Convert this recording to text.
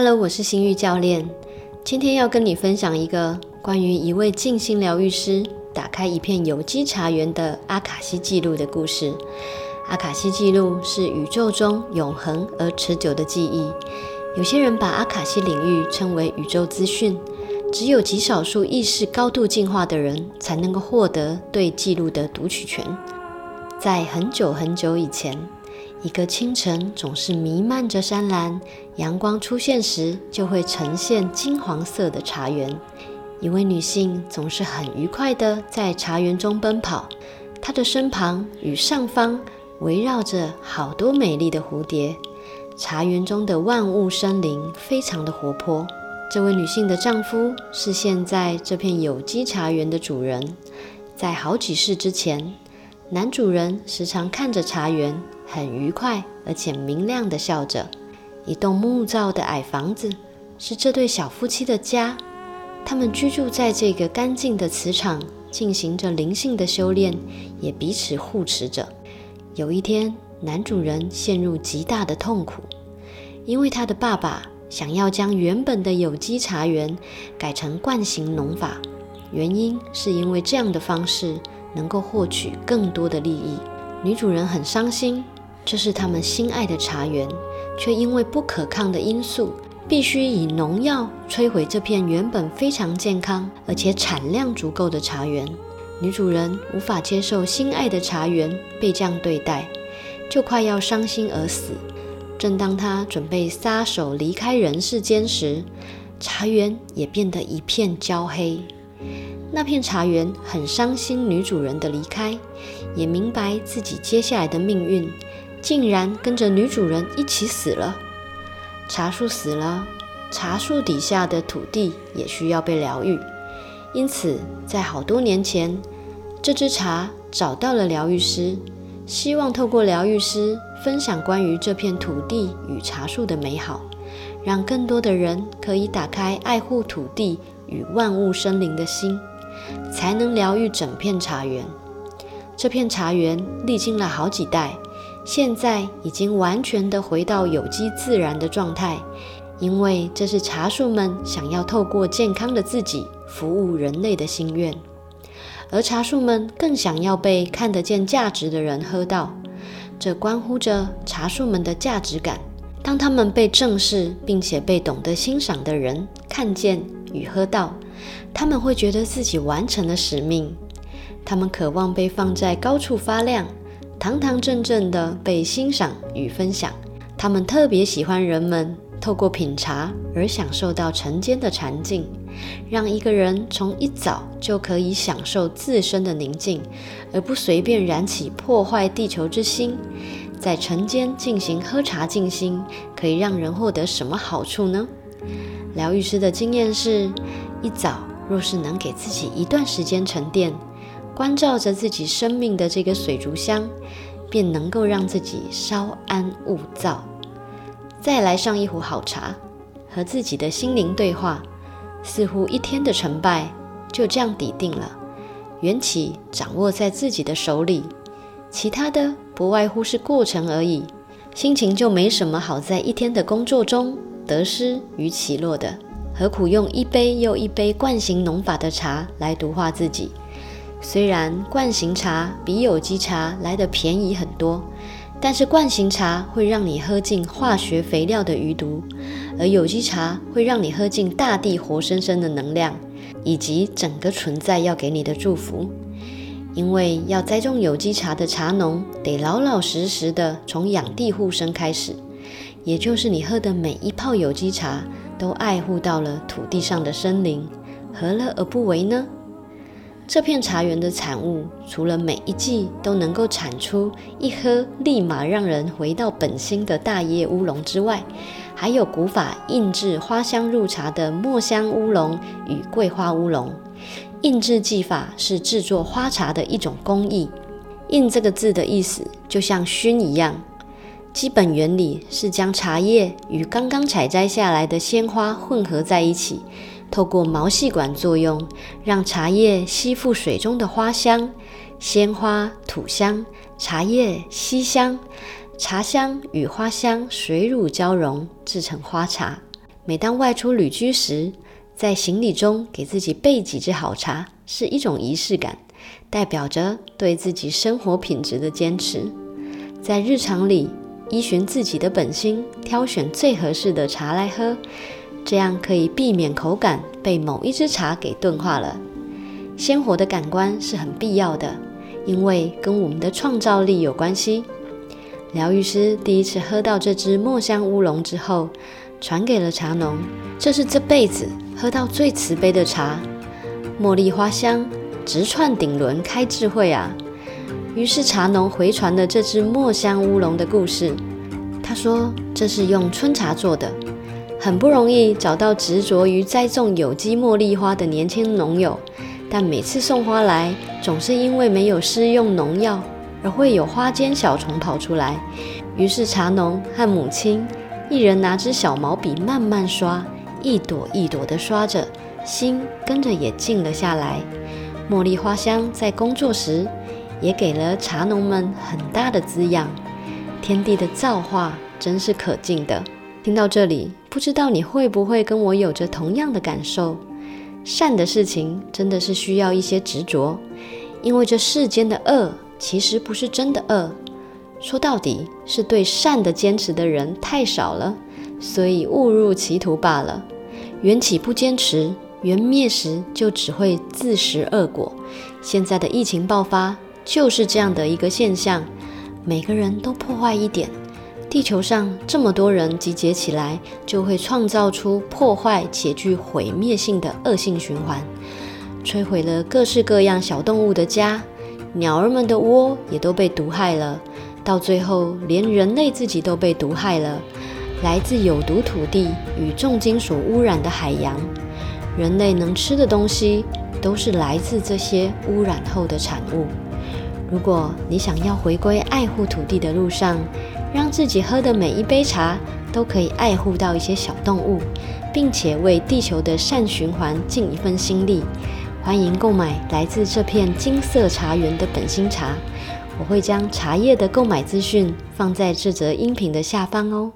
Hello，我是星玉教練。今天要跟你分享一個關於一位靜心療癒師打開一片有機茶園的阿卡西記錄的故事。阿卡西記錄是宇宙中永恆而持久的記憶。有些人把阿卡西領域稱為宇宙資訊。只有極少數意識高度進化的人才能夠獲得對記錄的讀取權。在很久很久以前，一個清晨總是瀰漫着山嵐，陽光出現時就會呈現金黃色的茶園。一位女性總是很愉快地在茶園中奔跑，她的身旁與上方圍繞着好多美麗的蝴蝶。茶園中的萬物生靈非常的活潑。這位女性的丈夫是現在這片有機茶園的主人，在好幾世之前，男主人時常看着茶園。很愉快，而且明亮地笑着。一棟木造的矮房子是這對小夫妻的家，他們居住在這個乾淨的磁場，進行着靈性的修煉，也彼此護持着。有一天，男主人陷入極大的痛苦，因為他的爸爸想要將原本的有機茶園改成慣行農法，原因是因為這樣的方式能夠獲取更多的利益。女主人很傷心。這是他們心愛的茶園，却因為不可抗的因素，必須以農藥摧毀這片原本非常健康而且產量足夠的茶園。女主人無法接受心愛的茶園被這樣對待，就快要傷心而死。正當她準備撒手離開人世間時，茶園也變得一片焦黑。那片茶園很傷心女主人的離開，也明白自己接下來的命運。竟然跟着女主人一起死了。茶樹死了，茶樹底下的土地也需要被療癒。因此，在好多年前，這支茶找到了療癒師，希望透過療癒師分享關於這片土地與茶樹的美好，讓更多的人可以打開愛護土地與萬物生靈的心，才能療癒整片茶園。這片茶園歷經了好幾代。現在已經完全地回到有機自然的狀態，因為這是茶樹們想要透過健康的自己服務人類的心願，而茶樹們更想要被看得見價值的人喝到，這關乎着茶樹們的價值感。當他們被正視，並且被懂得欣賞的人看見與喝到，他們會覺得自己完成了使命，他們渴望被放在高處發亮，堂堂正正的被欣賞與分享，他們特別喜歡人們透過品茶而享受到晨間的禪靜，讓一個人從一早就可以享受自身的寧靜，而不隨便燃起破壞地球之心。在晨間進行喝茶靜心，可以讓人獲得什麼好處呢？療癒師的經驗是，一早若是能給自己一段時間沉澱。關照着自己生命的這個水族箱，便能夠讓自己稍安勿躁，再來上一壺好茶，和自己的心靈對話。似乎一天的成敗就這樣底定了，緣起掌握在自己的手裡，其他的不外乎是過程而已。心情就沒什麼好在一天的工作中得失與起落的，何苦用一杯又一杯慣行農法的茶來毒化自己？雖然慣行茶比有機茶來得便宜很多，但是慣行茶會讓你喝進化學肥料的餘毒，而有機茶會讓你喝進大地活生生的能量，以及整個存在要給你的祝福。因為要栽種有機茶的茶農得老老實實地從養地護生開始，也就是你喝的每一泡有機茶都愛護到了土地上的生靈，何樂而不為呢？這片茶園的產物，除了每一季都能夠產出一喝立馬讓人回到本心的大葉烏龍之外，還有古法印製花香入茶的茉香烏龍與桂花烏龍。印製技法是製作花茶的一種工藝。印這個字的意思就像熏一樣，基本原理是將茶葉與剛剛採摘下來的鮮花混合在一起。透過毛細管作用，讓茶葉吸附水中的花香、鮮花吐香、茶葉吸香、茶香與花香水乳交融，製成花茶。每當外出旅居時，在行李中給自己備幾支好茶，是一種儀式感，代表着對自己生活品質的堅持。在日常裡，依循自己的本心，挑選最合適的茶來喝。這樣可以避免口感被某一支茶給鈍化了。鮮活的感官是很必要的，因為跟我們的創造力有關係。療癒師第一次喝到這支墨香烏龍之後，傳給了茶農，這是這輩子喝到最慈悲的茶。茉莉花香直串頂輪開智慧啊！於是茶農回傳了這支墨香烏龍的故事。他說：“這是用春茶做的。”很不容易找到執着於栽種有機茉莉花的年輕農友，但每次送花來，總是因為沒有施用農藥而會有花間小蟲跑出來。於是茶農和母親一人拿支小毛筆慢慢刷，一朵一朵的刷着，心跟着也靜了下來。茉莉花香在工作時也給了茶農們很大的滋養，天地的造化真是可敬的。聽到這裡。不知道你會不會跟我有着同樣的感受？善的事情真的是需要一些執着，因為這世間的惡其實不是真的惡，說到底是對善的堅持的人太少了，所以誤入歧途罷了。緣起不堅持，緣滅時就只會自食惡果。現在的疫情爆發就是這樣的一個現象，每個人都破壞一點。地球上這麼多人集結起來，就會創造出破壞且具毀滅性的惡性循環，摧毀了各式各樣小動物的家，鳥兒們的窩也都被毒害了。到最後，連人類自己都被毒害了。來自有毒土地與重金屬污染的海洋，人類能吃的東西都是來自這些污染後的產物。如果你想要回歸愛護土地的路上，讓自己喝的每一杯茶都可以愛護到一些小動物，並且為地球的善循環盡一份心力。歡迎購買來自這片金色茶園的本心茶，我會將茶葉的購買資訊放在這則音頻的下方哦。